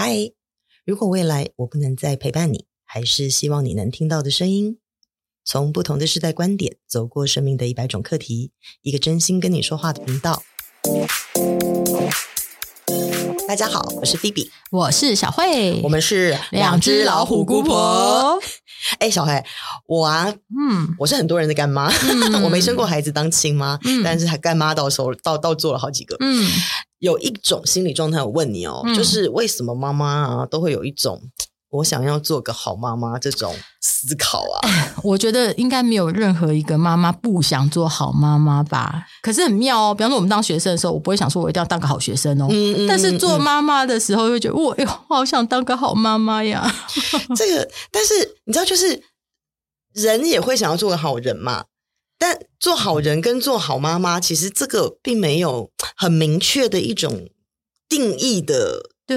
嗨，Hi, 如果未來我不能再陪伴你，還是希望你能聽到的聲音。從不同的世代觀點，走過生命的一百種課題，一個真心跟你說話的頻道。大家好，我是菲比，我是小慧，我們是兩隻老虎姑婆。哎，小黑，我啊，嗯，我是很多人的乾媽，嗯、 我沒生過孩子當親媽，嗯、但是還乾媽到時候到到做了好幾個，嗯，有一種心理狀態，我問你哦，嗯、就是為什麼媽媽啊都會有一種，我想要做個好媽媽，這種思考啊，啊，我覺得應該沒有任何一個媽媽不想做好媽媽吧。可是很妙哦，比方說我們當學生的時候，我不會想說我一定要當個好學生哦。嗯、但是做媽媽的時候，會覺得、嗯嗯哦哎、呦我呦好想當個好媽媽呀。這個，但是你知道，就是人也會想要做個好人嘛。但做好人跟做好媽媽，其實這個並沒有很明確的一種定義的。對，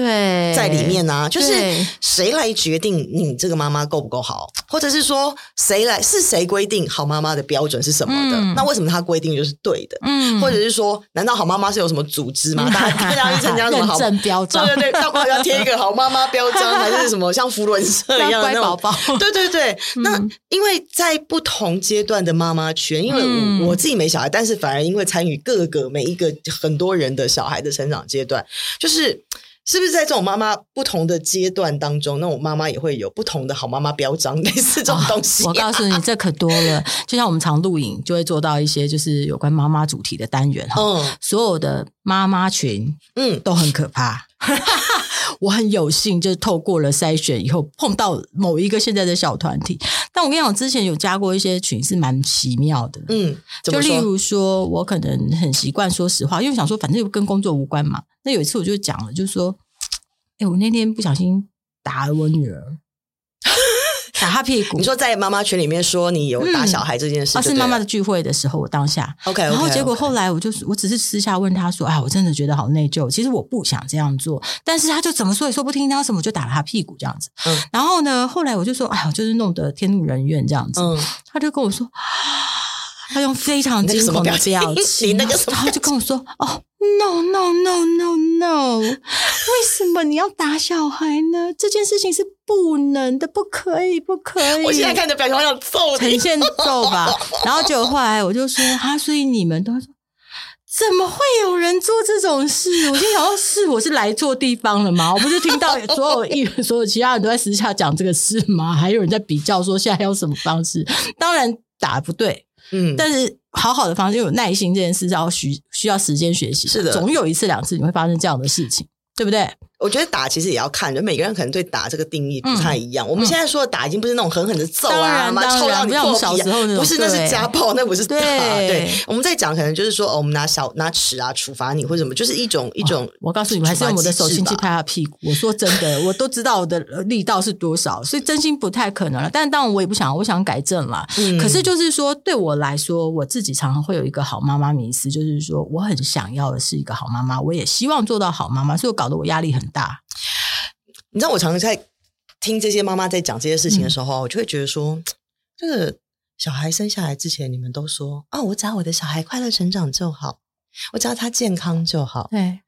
在裡面啊，就是誰來決定你這個媽媽夠不夠好，或者是說誰來是誰規定好媽媽的標準是什麼的？嗯、那為什麼他規定就是對的？嗯，或者是說，難道好媽媽是有什麼組織嗎？嗯、大家貼一張一張的好媽、嗯、標章，對對對，他們還要貼一個好媽媽標章，還是什麼像扶輪社一樣的乖寶寶，對對對，那因為在不同階段的媽媽群因為、嗯、我自己沒小孩，但是反而因為參與各個每一個很多人的小孩的成長階段，就是。是不是在這種媽媽不同的階段當中，那我媽媽也會有不同的好媽媽標章，類似這種東西啊啊？我告訴你，這可多了。 就像我們常錄影，就會做到一些就是有關媽媽主題的單元。嗯，所有的媽媽群，嗯，都很可怕。嗯 我很有幸，就是透過了篩選以後碰到某一個現在的小團體。但我跟你講，我之前有加過一些群，是蠻奇妙的。嗯，就例如說，我可能很習慣，說實話，因為我想說反正又跟工作無關嘛。那有一次我就講了，就說，哎，我那天不小心打了我女兒。 打他屁股！你說在媽媽群裡面說你有打小孩這件事情，啊、嗯，是媽媽的聚會的時候，我當下。OK, okay, okay. 然後結果後來我就我只是私下問他說：“哎，我真的覺得好內疚，其實我不想這樣做。”但是他就怎麼說也說不聽，他什麼就打了他屁股這樣子。嗯、然後呢，後來我就說：“哎，我就是弄得天怒人怨這樣子。”嗯。他就跟我說。他用非常驚恐的那個表情，那個表情然，然後就跟我說：“哦、oh,，no no no no no， 為什麼你要打小孩呢？這件事情是不能的，不可以，不可以。”我現在看你的表情，好像揍你，呈現揍吧。然後結果後來我就說：“哈、啊，所以你們都說，怎麼會有人做這種事？我就想說是我是來錯地方了嗎？我不是聽到所有一所有議員，其他人都在私下講這個事嗎？還有人在比較說現在用什麼方式？當然打不對。”嗯，但是好好的方式，因為有耐心這件事要需需要時間學習，是的，總有一次兩次你會發生這樣的事情，對不對？我覺得打其實也要看，就每個人可能對打這個定義不太一樣。嗯、我們現在說的打已經不是那種狠狠的揍啊，媽抽讓你破皮，不是那是家暴，對那不是打。對，對對我們在講可能就是說，哦，我們拿小拿尺啊處罰你或者什麼，就是一種一種、哦。我告訴你們，還是要用我的手心去拍他屁股。我說真的，我都知道我的力道是多少， 所以真心不太可能了。但是當然我也不想，我想改正了。嗯、可是就是說，對我來說，我自己常常會有一個好媽媽迷思，就是說我很想要的是一個好媽媽，我也希望做到好媽媽，所以我搞得我壓力很大。大，你知道我常常在聽這些媽媽在講這些事情的時候，我就會覺得說，嗯、這個小孩生下來之前，你們都說啊、哦，我只要我的小孩快樂成長就好，我只要他健康就好，對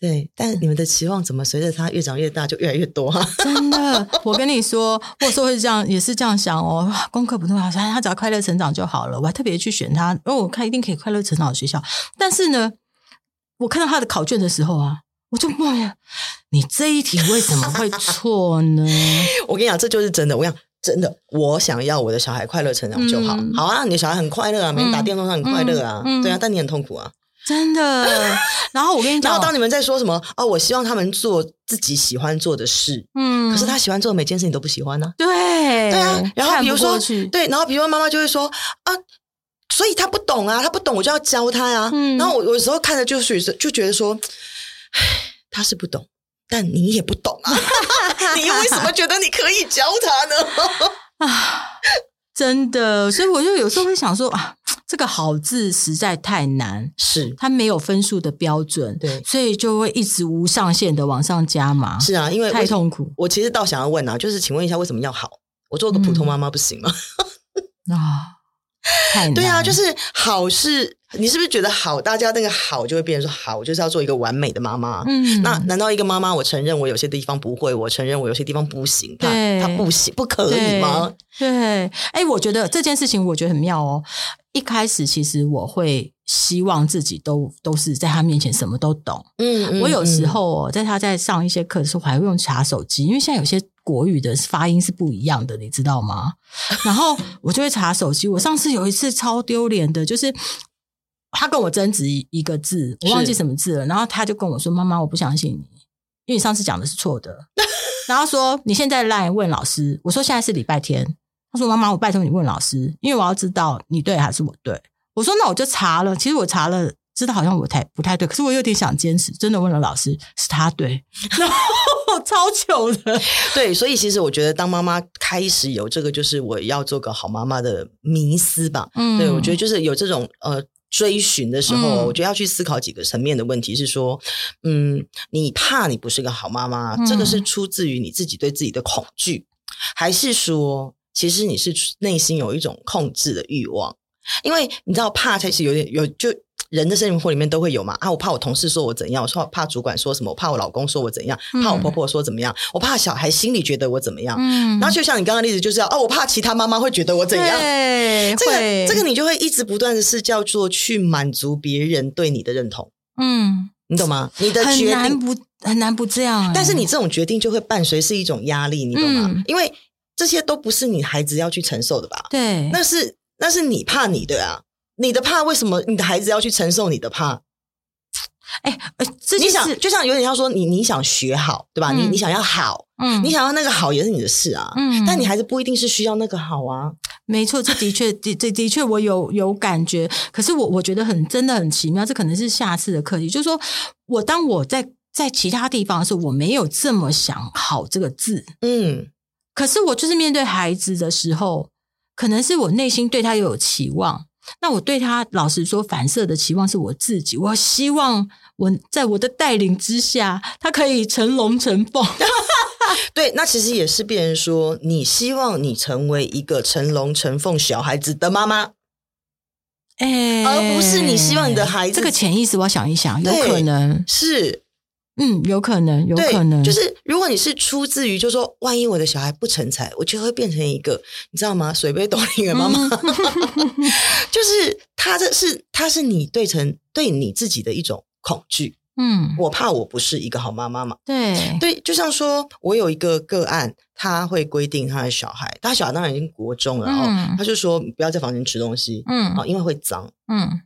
對。但你們的期望怎麼隨着他越長越大就越來越多、啊？ 真的，我跟你說，我說時候也是這樣，也是這樣想哦，功課不重要，他只要快樂成長就好了。我還特別去選他，哦，我看一定可以快樂成長的學校。但是呢，我看到他的考卷的時候啊。我就問你，你這一題為什麼會錯呢？ 我跟你講，這就是真的。我跟你講真的，我想要我的小孩快樂成長就好。嗯、好啊，你的小孩很快樂啊，嗯、每天打電動他很快樂啊，嗯嗯、對啊，但你很痛苦啊，真的、啊。然後我跟你講， 然後當你們在說什麼啊、哦？我希望他們做自己喜歡做的事，嗯，可是他喜歡做的每件事你都不喜歡呢、啊？對，對啊。然後比如說，對，然後比如說媽媽就會說啊，所以他不懂啊，他不懂，我就要教他呀、啊。嗯、然後我有時候看着就是就覺得說。唉，他是不懂，但你也不懂啊！ 你又為什麼覺得你可以教他呢？ 啊，真的，所以我就有時候會想說啊，這個“好”字實在太難，是它沒有分數的標準，對，所以就會一直無上限的往上加嘛。是啊，因為，為太痛苦。我其實倒想要問啊，就是請問一下，為什麼要好？我做個普通媽媽不行嗎？ 啊，太對啊，就是“好”是。你是不是覺得好？大家那個好就會變成說好，我就是要做一個完美的媽媽。嗯，那難道一個媽媽，我承認我有些地方不會，我承認我有些地方不行，對她她不行，不可以嗎？對，哎、欸，我覺得這件事情我覺得很妙哦。一開始其實我會希望自己都都是在他面前什麼都懂。嗯，我有時候、哦、在他在上一些課的時候，還會用查手機，因為現在有些國語的發音是不一樣的，你知道嗎？ 然後我就會查手機。我上次有一次超丟臉的，就是。他跟我爭執一個字，我忘記什麼字了。是然後他就跟我說：“媽媽，我不相信你，因為你上次講的是錯的。” 然後說：“你現在來問老師。”我說：“現在是禮拜天。”他說：“媽媽，我拜託你問老師，因為我要知道你對還是我對。”我說：“那我就查了。”其實我查了，知道好像不太不太對，可是我有點想堅持。真的問了老師，是他對， 然後超糗的。對，所以其實我覺得，當媽媽開始有這個，就是我要做個好媽媽的迷思吧。嗯，對，我覺得就是有這種呃。追尋的時候，嗯、我覺得去思考幾個層面的問題，是說，嗯，你怕你不是個好媽媽，嗯、這個是出自於你自己對自己的恐懼，還是說，其實你是內心有一種控制的慾望？因為你知道，怕才是有點有就。人的生活裡面都會有嘛啊！我怕我同事說我怎樣，我怕主管說什麼，我怕我老公說我怎樣，嗯、怕我婆婆說怎麼樣，我怕小孩心裡覺得我怎麼樣。嗯，然後就像你剛剛的例子，就是要哦、啊，我怕其他媽媽會覺得我怎樣。對，這個會這個你就會一直不斷的是叫做去滿足別人對你的認同。嗯，你懂嗎？你的決定很難不很難不這樣、啊。但是你這種決定就會伴隨是一種壓力，你懂嗎？嗯、因為這些都不是你孩子要去承受的吧？對，那是那是你怕你對啊。你的怕為什麼你的孩子要去承受你的怕？哎、欸，這就是，你想就像有點要說，你你想學好對吧？嗯、你你想要好，嗯，你想要那個好也是你的事啊，嗯。但你孩子不一定是需要那個好啊。沒錯，這的確的，這的，的確我有有感覺。可是我我覺得很真的很奇妙，這可能是下次的課題。就是說我當我在在其他地方的時候，我沒有這麼想好這個字，嗯。可是我就是面對孩子的時候，可能是我內心對他又有期望。那我對他老實說，反射的期望是我自己。我希望我在我的帶領之下，他可以成龍成鳳。 對，那其實也是別人說，你希望你成為一個成龍成鳳小孩子的媽媽，哎、欸，而不是你希望你的孩子。欸、這個潛意識，我要想一想，有可能是。嗯，有可能，有可能，就是如果你是出自於，就是說萬一我的小孩不成才，我就會變成一個，你知道嗎？水杯倒立的媽媽，嗯、 就是他這是他是你對成對你自己的一種恐懼。嗯，我怕我不是一個好媽媽嘛。對對，就像說我有一個個案，他會規定他的小孩，他小孩當然已經國中了，然後他、嗯、就說不要在房間吃東西，嗯，哦，因為會髒，嗯。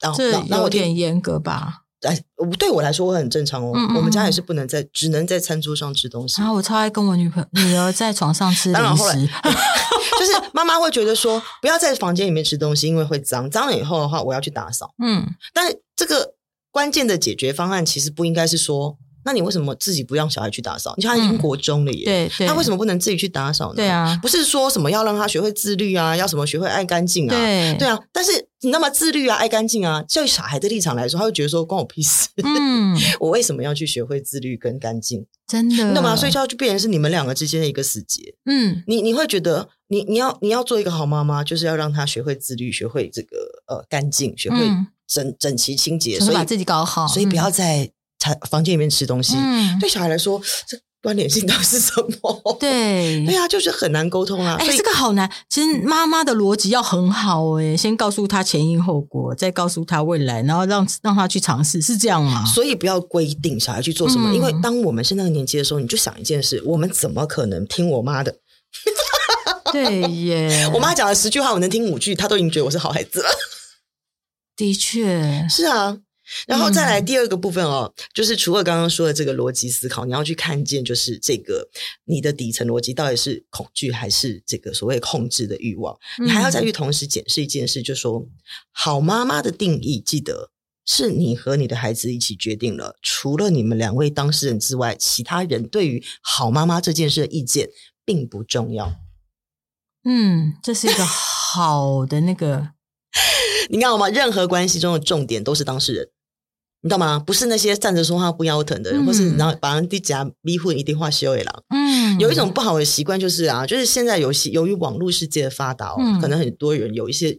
然後有點嚴格吧。哎，對我來說我很正常哦。嗯嗯，我們家也是不能在，只能在餐桌上吃東西。然後、啊、我超愛跟我女朋友女兒在床上吃零食，就是媽媽會覺得說，不要在房間裡面吃東西，因為會髒，髒了以後的話我要去打掃。嗯，但這個關鍵的解決方案其實不應該是說。那你為什麼自己不讓小孩去打掃？你像他已經國中了耶，嗯、對對，他為什麼不能自己去打掃呢？對啊，不是說什麼要讓他學會自律啊，要什麼學會愛乾淨啊？對，對啊，但是你那麼自律啊，愛乾淨啊，就小孩的立場來說，他會覺得說關我屁事。嗯、 我為什麼要去學會自律跟乾淨？真的，懂嗎？所以這就變成是你們兩個之間的一個死結。嗯，你你會覺得你你要你要做一個好媽媽，就是要讓他學會自律，學會這個呃乾淨，學會整、嗯、整齊清潔，所以把自己搞好所，所以不要再。嗯房間裡面吃東西，嗯、對小孩來說，這關聯性到底是什麼？對，對啊，就是很難溝通啊。哎、欸，以這個好難。其實媽媽的邏輯要很好哎、欸，先告訴她前因後果，再告訴她未來，然後讓讓她去嘗試，是這樣嗎、啊？所以不要規定小孩去做什麼，嗯、因為當我們是那個年紀的時候，你就想一件事：我們怎麼可能聽我媽的？ 對耶，我媽講了十句話，我能聽五句，她都已經覺得我是好孩子了。的確，是啊。然後再來第二個部分哦，嗯、就是除了剛剛說的這個邏輯思考，你要去看見，就是這個你的底層邏輯到底是恐懼還是這個所謂控制的欲望？嗯、你還要再去同時檢視一件事就是，就說好媽媽的定義，記得是你和你的孩子一起決定了。除了你們兩位當事人之外，其他人對於好媽媽這件事的意見並不重要。嗯，這是一個好的那個， 你看我們，任何關係中的重點都是當事人。你知道嗎？不是那些站着說話不腰疼的人，嗯、或是然後把人家逼婚，一定畫休會了。嗯，有一種不好的習慣就是啊，就是現在有由於網絡世界的發達，嗯、可能很多人有一些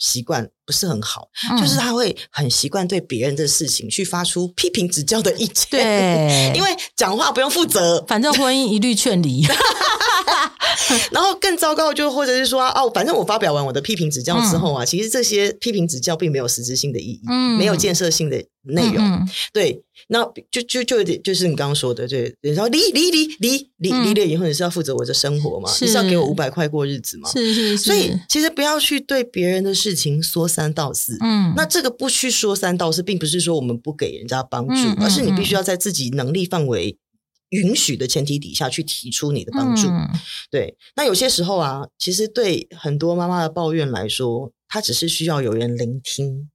習慣。不是很好，就是他會很習慣對別人的事情去發出批評指教的意見，對，因為講話不用負責，反正婚姻一律勸離。然後更糟糕就或者是說哦，反正我發表完我的批評指教之後啊，其實這些批評指教並沒有實質性的意義，嗯，沒有建設性的內容，對，那就就就有點就是你剛剛說的，對，然後離離離離離離了以後你是要負責我的生活嘛？你是要給我五百塊過日子嘛？是是，所以其實不要去對別人的事情說三。三道四，嗯，那這個不去說三道四，並不是說我們不給人家幫助，嗯嗯嗯、而是你必須要在自己能力範圍允許的前提底下去提出你的幫助。嗯、對，那有些時候啊，其實對很多媽媽的抱怨來說，她只是需要有人聆聽，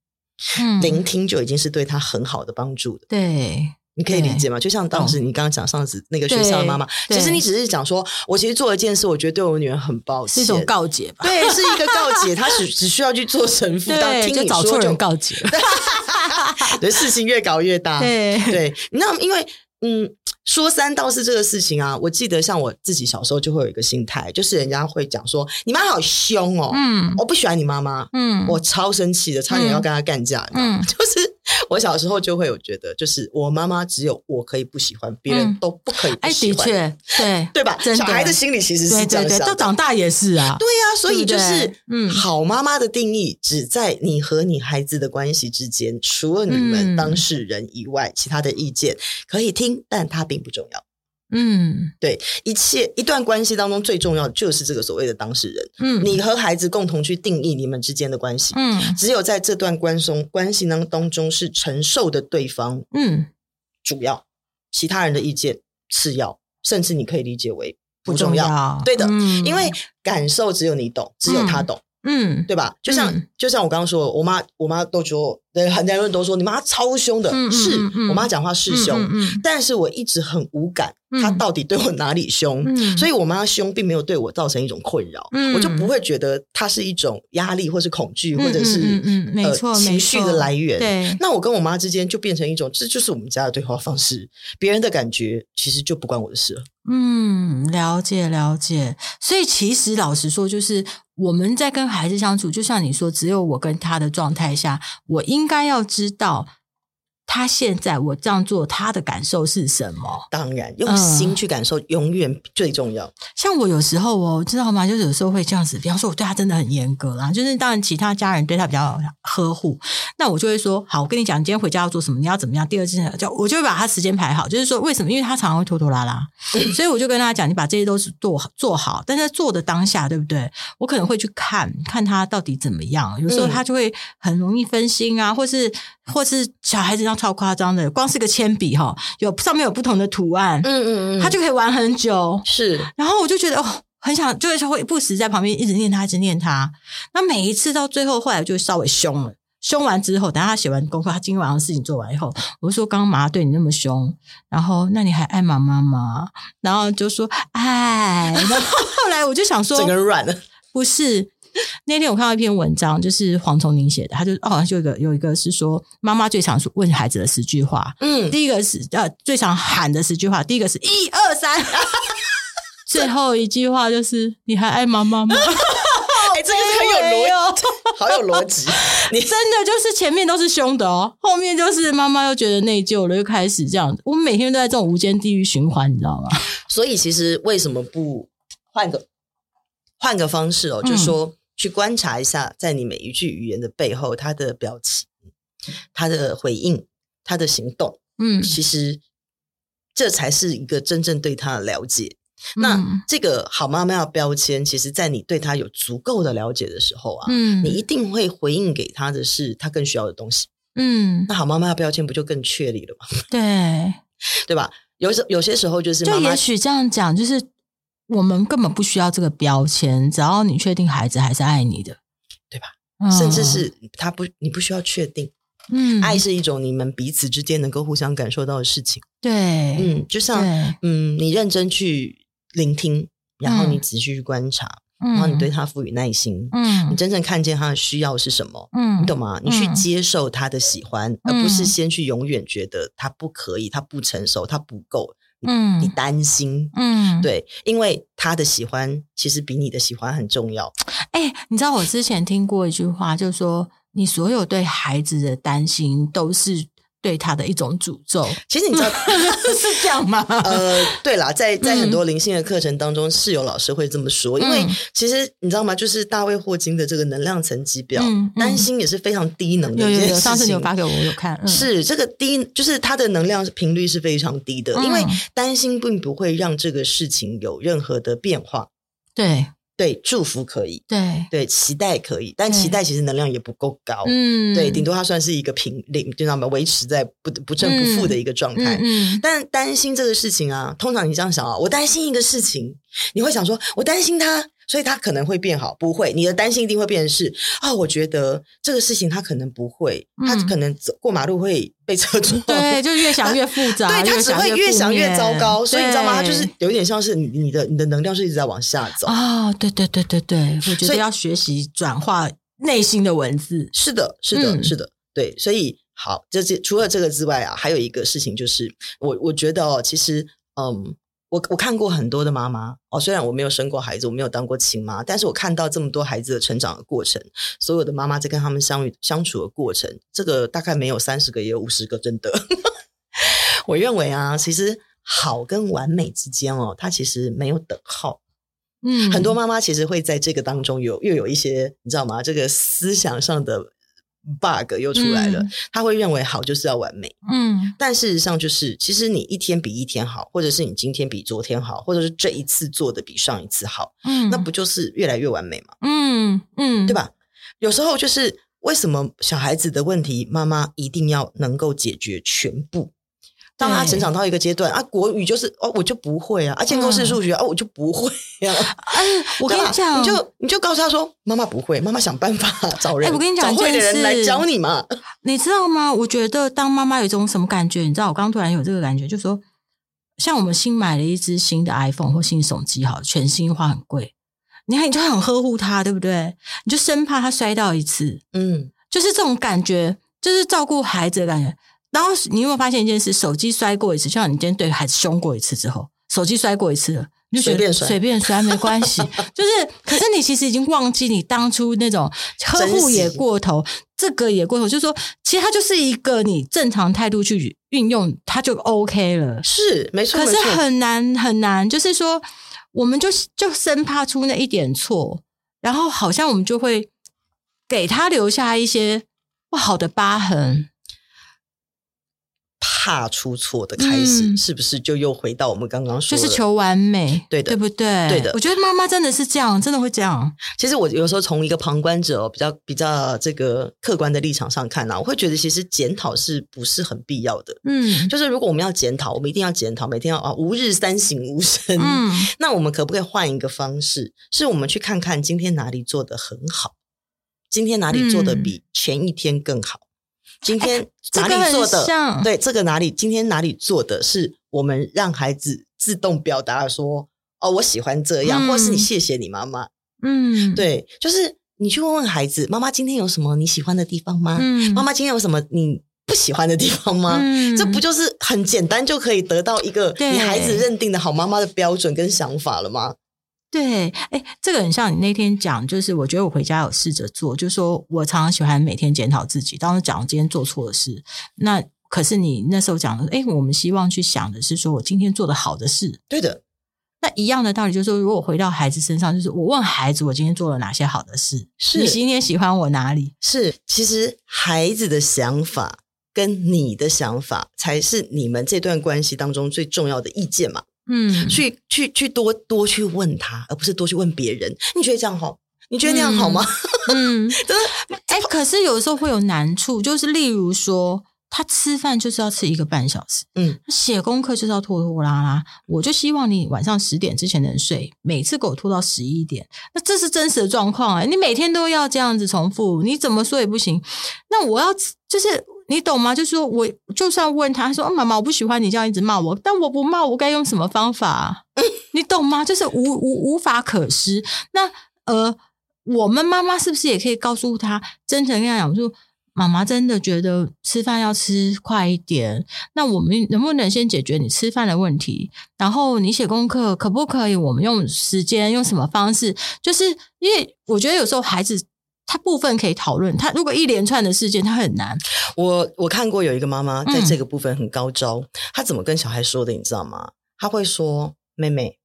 聆聽就已經是對她很好的幫助的、嗯、對。你可以理解嗎？就像當時你剛剛講上次那個學校的媽媽，其實你只是講說，我其實做了一件事，我覺得對我女兒很抱歉，是一種告解吧？對，是一個告解，她只只需要去做神父，但聽你說就找錯人告解，對，事情越搞越大。對，你知道因為嗯，說三道四這個事情啊，我記得像我自己小時候就會有一個心態，就是人家會講說，你媽好凶哦，嗯，我不喜歡你媽媽，嗯，我超生氣的，差點要跟她干架，嗯，就是。我小時候就會有覺得，就是我媽媽只有我可以不喜歡，別、嗯、人都不可以不喜歡，欸、的確，對對吧？真的小孩的心裡其實是對對對，這樣想，就長大也是啊，對啊，所以就是，嗯，好媽媽的定義只在你和你孩子的關係之間，嗯、除了你們當事人以外，嗯、其他的意見可以聽，但它並不重要。嗯，對，一切一段關係當中最重要就是這個所謂的當事人。嗯，你和孩子共同去定義你們之間的關係。嗯，只有在這段關松關係當中是承受的對方。嗯，主要，其他人的意見次要，甚至你可以理解為不重要。重要對的，嗯，因為感受只有你懂，只有他懂。嗯，嗯，對吧？就像，嗯，就像我剛剛說的，我媽我媽都覺得。對，很多人都說你媽超凶的，是我媽講話是凶，但是我一直很無感，她到底對我哪裡凶？所以我媽凶並沒有對我造成一種困擾，我就不會覺得她是一種壓力，或是恐懼，或者是，沒錯，情緒的來源。對，那我跟我媽之間就變成一種，這就是我們家的對話方式。別人的感覺其實就不關我的事了。嗯，了解了解。所以其實老實說，就是我們在跟孩子相處，就像你說，只有我跟他的狀態下，我應。應該要知道。他現在我這樣做，他的感受是什麼？當然，用心去感受永遠最重要。嗯，像我有時候哦，知道嗎？就是有時候會這樣子，比方說，我對他真的很嚴格啦。就是當然，其他家人對他比較呵護，那我就會說：好，我跟你講，你今天回家要做什麼，你要怎麼樣。第二次叫我就會把他時間排好，就是說為什麼？因為他常常會拖拖拉拉， 所以我就跟他講：你把這些都做做好。但在做的當下，對不對？我可能會去看看他到底怎麼樣。有時候他就會很容易分心啊，嗯。或是，或是小孩子要。好誇張的，光是個鉛筆哈，有上面有不同的圖案，嗯嗯嗯，他就可以玩很久。是，然後我就覺得哦，很想，就是會不時在旁邊一直念他，一直念他。那每一次到最後，後來就稍微凶了，凶完之後，等下他寫完功課，他今天晚上事情做完以後，我就說：“剛剛媽媽對你那麼凶，然後那你還愛媽媽嗎？”然後就說：“哎。”後，後來我就想說， 整個軟了，不是。那天我看到一篇文章，就是黃崇寧寫的，他就哦，好像就有一個是說媽媽最常說問孩子的十句話，嗯，第一個是呃、啊、最常喊的十句話，第一個是一二三，啊、最後一句話就是這你還愛媽媽嗎？哎、欸，這個很有邏輯， 好有邏輯，你真的就是前面都是凶的哦，後面就是媽媽又覺得內疚了，又開始這樣子，我們每天都在這種無間地獄循環，你知道嗎？所以其實為什麼不換個換個方式哦，就說、嗯。去觀察一下，在你每一句語言的背後，他的表情、他的回應、他的行動，嗯，其實這才是一個真正對他的了解。嗯、那這個“好媽媽”的標籤，其實在你對他有足夠的了解的時候啊，嗯，你一定會回應給他的是他更需要的東西。嗯，那“好媽媽”的標籤不就更確立了嗎？對， 對吧？有時有些時候就是，就也許這樣講，就是。我們根本不需要這個標籤，只要你確定孩子還是愛你的，對吧？嗯、甚至是他不，你不需要確定。嗯、愛是一種你們彼此之間能夠互相感受到的事情。對，嗯，就像對嗯，你認真去聆聽，然後你仔細去觀察，嗯、然後你對他賦予耐心。嗯，你真正看見他的需要是什麼？嗯，你懂嗎？你去接受他的喜歡，嗯、而不是先去永遠覺得他不可以，他不成熟，他不夠。嗯，你擔心，嗯，對，因為他的喜歡其實比你的喜歡很重要。欸，你知道我之前聽過一句話，就說你所有對孩子的擔心都是。對他的一種詛咒，其實你知道 是這樣嗎？呃，對啦，在在很多靈性的課程當中，嗯、是有老師會這麼說，因為其實你知道嗎？就是大衛霍金的這個能量層級表，嗯嗯、擔心也是非常低能的一件事情。有有有，上次你發給我，我有看，嗯、是這個低，就是他的能量頻率是非常低的，嗯、因為擔心並不會讓這個事情有任何的變化。對。對，祝福可以，對對，期待可以，但期待其實能量也不夠高，嗯對，對，頂多它算是一個平零，就那麼維持在不不正不負的一個狀態，嗯，嗯嗯，但擔心這個事情啊，通常你這樣想啊，我擔心一個事情，你會想說，我擔心他。所以它可能會變好，不會，你的擔心一定會變成是啊、哦！我覺得這個事情它可能不會，它可能過馬路會被車撞、嗯，對，就越想越複雜，但越越對，它只會越想越糟糕。對所以你知道嗎？它就是有點像是你，你的你的能量是一直在往下走啊、哦！對對對對對，所以要學習轉化內心的文字。是的，是的，嗯、是的，對。所以好，這是除了這個之外啊，還有一個事情就是，我我覺得哦，其實嗯。我我看過很多的媽媽哦，雖然我沒有生過孩子，我沒有當過親媽，但是我看到這麼多孩子的成長的過程，所有的媽媽在跟他們相遇相處的過程，這個大概沒有三十個，也有五十個，真的。 我認為啊，其實好跟完美之間哦，它其實沒有等號。嗯，很多媽媽其實會在這個當中有又，又有一些，你知道嗎？這個思想上的。bug 又出來了，嗯，他會認為好就是要完美，嗯，但事實上就是，其實你一天比一天好，或者是你今天比昨天好，或者是這一次做的比上一次好，嗯，那不就是越來越完美嗎？嗯嗯，嗯對吧？有時候就是為什麼小孩子的問題，媽媽一定要能夠解決全部？當他成長到一個階段，對啊，國語就是哦，我就不會啊，啊，建構式數學哦，啊、我就不會、啊。哎、啊，我跟你講，你就你就告訴他說，媽媽不會，媽媽想辦法找人，哎、欸，我跟你講，找會的人來教你嘛。你知道嗎？我覺得當媽媽有一種什麼感覺？你知道，我剛突然有這個感覺，就說，像我們新買了一支新的 iPhone 或新手機，哈，全新化很貴，你看你就很呵護他，對不對？你就生怕他摔到一次，嗯，就是這種感覺，就是照顧孩子的感覺。然後你有沒有發現一件事？手機摔過一次，就像你今天對孩子兇過一次之後，手機摔過一次了，你就隨便摔 隨便摔沒關係。就是，可是你其實已經忘記你當初那種呵護也過頭，實這個也過頭。就是說，其實它就是一個你正常態度去運用，它就 OK 了。是，沒錯，可是很難很難。就是說，我們就就生怕出那一點錯，然後好像我們就會給他留下一些不好的疤痕。怕出錯的開始，嗯、是不是就又回到我們剛剛說，的，就是求完美，對的，對不對？對的，我覺得媽媽真的是這樣，真的會這樣。其實我有時候從一個旁觀者、哦，比較比較這個客觀的立場上看呢、啊，我會覺得其實檢討是不是很必要的？嗯，就是如果我們要檢討，我們一定要檢討，每天要啊吾日三省吾身。嗯，那我們可不可以換一個方式，是我們去看看今天哪裡做得很好，今天哪裡做得比前一天更好？嗯今天哪裡做的？欸這個、對，這個哪裡？今天哪裡做的是我們讓孩子自動表達說：“哦，我喜歡這樣。嗯”或者是你謝謝你媽媽。嗯，對，就是你去問問孩子，媽媽今天有什麼你喜歡的地方嗎？媽媽、嗯、今天有什麼你不喜歡的地方嗎？嗯、這不就是很簡單就可以得到一個你孩子認定的好媽媽的標準跟想法了嗎？對，哎，這個很像你那天講，就是我覺得我回家有試着做，就是說我常常喜歡每天檢討自己，當時講我今天做錯了事。那可是你那時候講的。哎，我們希望去想的是說我今天做的好的事。對的，那一樣的道理就是說，如果回到孩子身上，就是我問孩子我今天做了哪些好的事，是你今天喜歡我哪裡？是，其實孩子的想法跟你的想法才是你們這段關係當中最重要的意見嘛。嗯，去去去，去去多多去問他，而不是多去問別人。你覺得這樣好？你覺得那樣好嗎？嗯，就是，哎，可是有時候會有難處，就是例如說，他吃飯就是要吃一個半小時，嗯，寫功課就是要拖拖拉拉。我就希望你晚上十點之前能睡，每次給我拖到十一點，那這是真實的狀況哎。你每天都要這樣子重複，你怎麼說也不行。那我要就是。你懂嗎？就是說，我就算問他說：“哦、媽媽，我不喜歡你這樣一直罵我。”但我不罵，我該用什麼方法、啊？你懂嗎？就是無無無法可施。那呃，我們媽媽是不是也可以告訴他，真誠跟他講，就說：“媽媽真的覺得吃飯要吃快一點。”那我們能不能先解決你吃飯的問題？然後你寫功課，可不可以？我們用時間，用什麼方式？就是因為我覺得有時候孩子。他部分可以討論，他如果一連串的事件，他很難。我我看過有一個媽媽在這個部分很高招，嗯、她怎麼跟小孩說的？你知道嗎？他會說：“妹妹，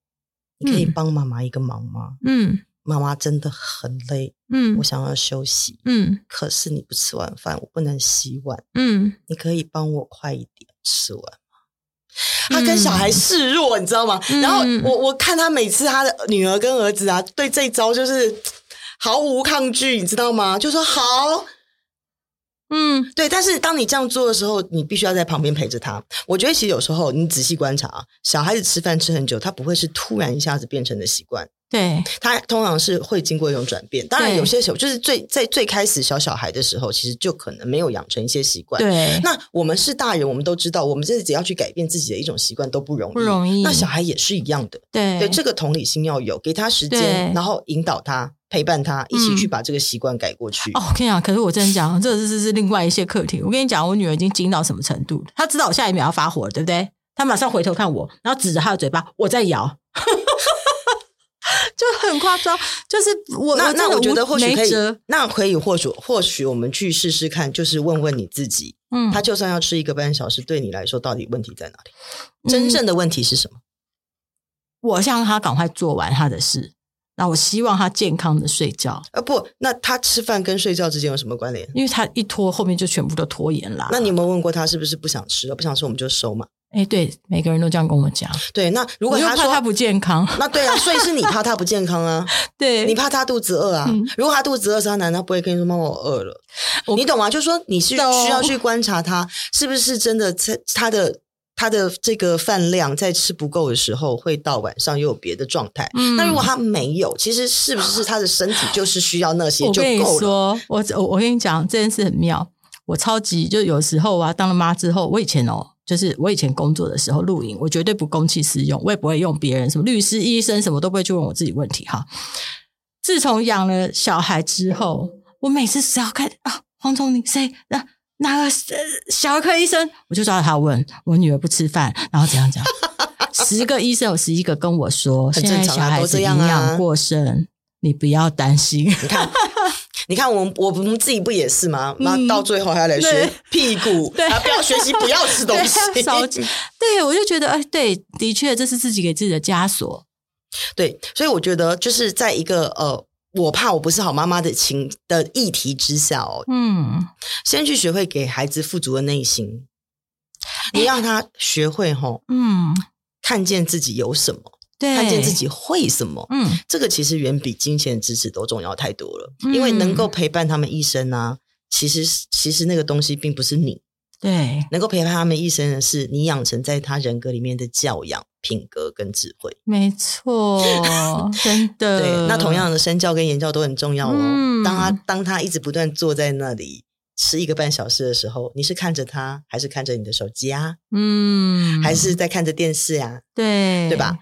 你可以幫媽媽一個忙嗎？”嗯，媽媽真的很累，嗯，我想要休息，嗯，可是你不吃完飯，我不能洗碗，嗯，你可以幫我快一點吃完嗎？他跟小孩示弱，你知道嗎？嗯、然後我我看他每次他的女兒跟兒子啊，對，這一招就是。毫無抗拒，你知道嗎？就說好，嗯，對。但是當你這樣做的時候，你必須要在旁邊陪着他。我覺得其實有時候你仔細觀察啊，小孩子吃飯吃很久，他不會是突然一下子變成的習慣。對，他通常是會經過一種轉變。當然，有些時候，對就是最在最開始小小孩的時候，其實就可能沒有養成一些習慣。對，那我們是大人，我們都知道，我們自己要去改變自己的一種習慣都不容易，不容易。那小孩也是一樣的。對，對，這個同理心要有，給他時間，對然後引導他。陪伴他一起去把這個習慣改過去。嗯、哦，我跟你講，可是我真的講，這這是是另外一些課題。我跟你講，我女兒已經驚到什麼程度？她知道我下一秒要發火了，對不對？她馬上回頭看我，然後指着她的嘴巴，我在搖， 就很誇張。就是我，我那那我覺得或許可以，遮那可以或許或許我們去試試看，就是問問你自己，嗯，她就算要吃一個半小時，對你來說到底問題在哪裡？真正的問題是什麼？嗯、我想讓她趕快做完她的事。那、啊、我希望他健康的睡覺，呃、啊，不，那他吃飯跟睡覺之間有什麼關聯？因為他一拖，後面就全部都拖延啦、啊。那你們問過他是不是不想吃了？不想吃我們就收嘛。誒，對，每個人都這樣跟我講。對，那如果他說又怕他不健康， 那對啊，所以是你怕他不健康啊？ 對，你怕他肚子餓啊？嗯、如果他肚子餓他，他難道不會跟你說，媽媽我餓了？我你懂嗎、啊？就是說你是需要去觀察他 So 是不是真的他的。他的這個飯量在吃不夠的時候，會到晚上又有別的狀態。那、嗯、如果他沒有，其實是不是他的身體就是需要那些？就夠了。我跟你說，我，我跟你講這件事很妙。我超級，就有時候啊，當了媽之後，我以前哦，就是我以前工作的時候錄影，我絕對不公器私用，我也不會用別人什麼律師、醫生什麼都不會去問我自己問題哈。自從養了小孩之後，我每次只要看啊，黃瑽寧？啊那個小兒科醫生，我就抓著他問我女兒不吃飯，然後怎樣怎樣，十 個醫生有十一個跟我說，很正常，現在小孩子營養過剩，啊、你不要擔心。你看， 你看，我們我們自己不也是嗎？那、嗯、到最後還要來說對屁股，對不要學習，不要吃東西對。對，我就覺得，哎，對，的確，這是自己給自己的枷鎖。對，所以我覺得就是在一個呃。我怕我不是好媽媽的情的議題之下哦，嗯，先去學會給孩子富足的內心，你讓他學會吼、哦，嗯，看見自己有什麼，對，看見自己會什麼，嗯，這個其實遠比金錢支持都重要太多了，嗯、因為能夠陪伴他們一生啊，其實其實那個東西並不是你。對，能夠陪伴他們一生的是你養成在他人格裡面的教養、品格跟智慧。沒錯，真的。 對，那同樣的身教跟言教都很重要哦。嗯、當他當他一直不斷坐在那裡吃一個半小時的時候，你是看着他，還是看着你的手機啊？嗯，還是在看着電視呀、啊？對，對吧？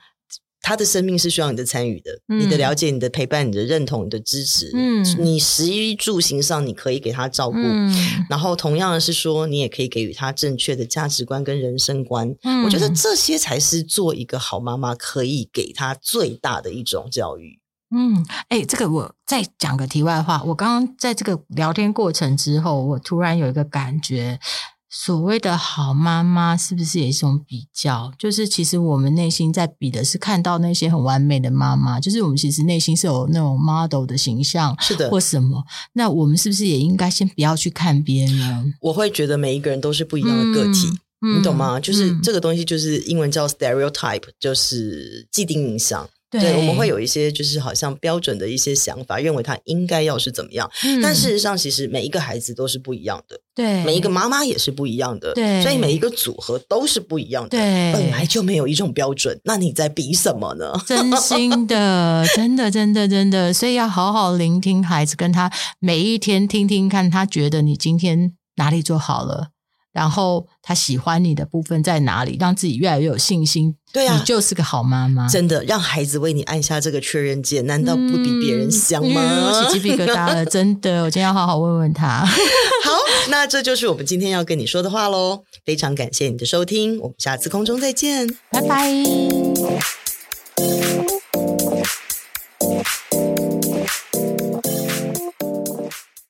他的生命是需要你的參與的，嗯、你的了解、你的陪伴、你的認同、你的支持。嗯、你食衣住行上你可以給他照顧，嗯、然後同樣的是說，你也可以給予他正確的價值觀跟人生觀。嗯、我覺得這些才是做一個好媽媽可以給他最大的一種教育。嗯，哎、欸，這個我再講個題外話。我剛剛在這個聊天過程之後，我突然有一個感覺。所謂的好媽媽是不是也是一種比較？就是其實我們內心在比的是看到那些很完美的媽媽，就是我們其實內心是有那種 model 的形象，是的，或什麼？的那我們是不是也應該先不要去看別人呢？我會覺得每一個人都是不一樣的個體，嗯、你懂嗎？嗯、就是這個東西，就是英文叫 stereotype，就是既定印象。對，對，我們會有一些就是好像標準的一些想法，認為他應該要是怎麼樣。嗯，但事實上，其實每一個孩子都是不一樣的，對，每一個媽媽也是不一樣的，對，所以每一個組合都是不一樣的。對，本來就沒有一種標準，那你在比什麼呢？真心的， 真的，真的，真的，所以要好好聆聽孩子，跟他每一天聽聽看，他覺得你今天哪裡做好了。然後他喜歡你的部分在哪裡？讓自己越來越有信心。對呀，啊，你就是個好媽媽，真的讓孩子為你按下這個確認鍵，難道不比別人香嗎？嗯嗯，我起雞皮疙瘩了， 真的，我今天要好好問問他。好，那這就是我們今天要跟你說的話嘍。非常感謝你的收聽，我們下次空中再見，拜拜。